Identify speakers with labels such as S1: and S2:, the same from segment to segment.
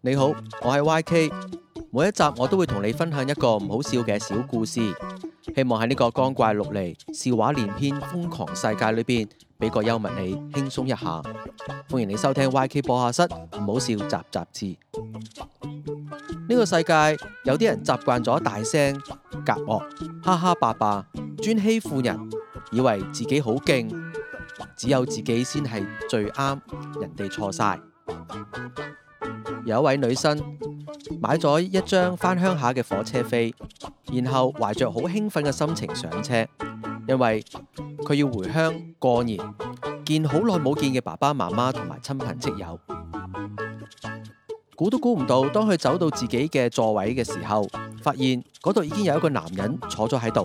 S1: 你好，我係 YK。每一集我都會同你分享一個唔好笑嘅小故事，希望喺呢個光怪陸離、笑話連篇、瘋狂世界裏邊俾個幽默你輕鬆一下。歡迎你收聽 YK 播客室唔好笑雜雜誌。呢個世界有啲人習慣咗大聲夾惡、哈哈霸霸、專欺負人，以為自己好勁，只有自己先係最啱，人哋錯晒。有一位女生。買咗一張返鄉下嘅火車飛，然後懷着好興奮嘅心情上車，因為佢要回鄉過年，見好耐冇見嘅爸爸媽媽同埋親朋戚友。估都估唔到，當佢走到自己嘅座位嘅時候，發現嗰度已經有一個男人坐咗喺度。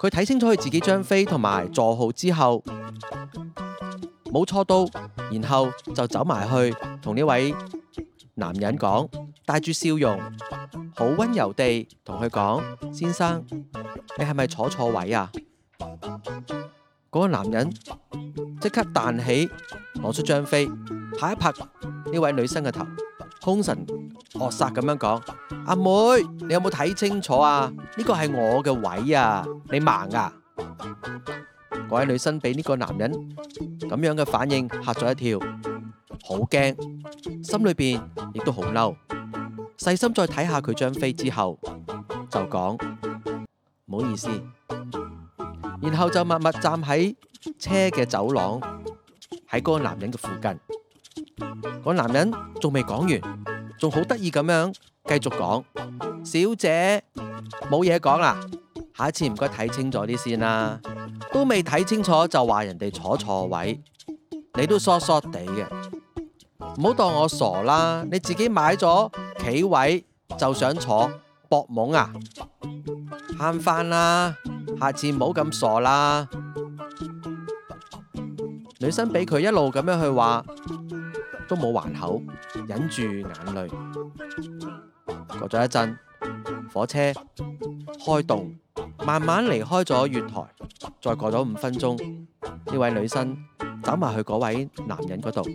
S1: 佢睇清楚佢自己張飛同埋座號之後，冇錯到，然後就走埋去同呢位。男人講，帶住笑容，好温柔地同佢講：先生，你係咪坐錯位啊？嗰個男人即刻彈起，攞出張飛，拍一拍呢位女生嘅頭，凶神惡煞咁樣講：阿妹，你有冇睇清楚啊？呢個係我嘅位啊！你盲啊？嗰位女生俾呢個男人咁樣嘅反應，嚇咗一跳。好驚，心裏邊亦都好嬲。細心再睇下，佢張飛之後，就講唔好意思。然後就默默站喺車嘅走廊，喺嗰個男人嘅附近。嗰、那個、男人仲未講完，仲好得意咁樣繼續講。小姐冇嘢講啊，下一次唔該睇清楚啲先啦。都未睇清楚就話人哋坐錯位，你都疏疏地嘅。唔好當我傻啦，你自己買咗企位就想坐搏懵啊，慳翻啦！下次唔好咁傻啦。女生俾佢一路咁樣去話，都冇還口，忍住眼淚。過咗一陣，火車開動，慢慢離開咗月台。再過咗五分鐘，呢位女生走埋去嗰位男人嗰度。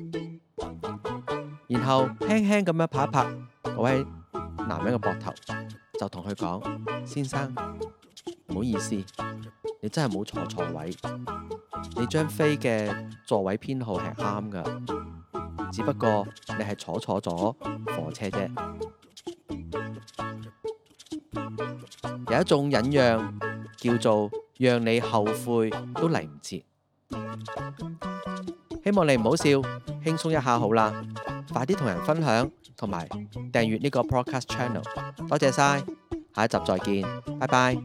S1: 然後輕輕咁樣拍一拍嗰位男人嘅膊頭，就同佢講：先生，唔好意思，你真係冇坐錯位，你張飛嘅座位編號係啱噶，只不過你係坐錯咗火車啫。有一種忍讓叫做讓你後悔都嚟唔切，希望你唔好笑，輕鬆一下好啦。快啲同人分享，同埋訂閱呢個 Podcast Channel。多謝晒，下一集再見，拜拜。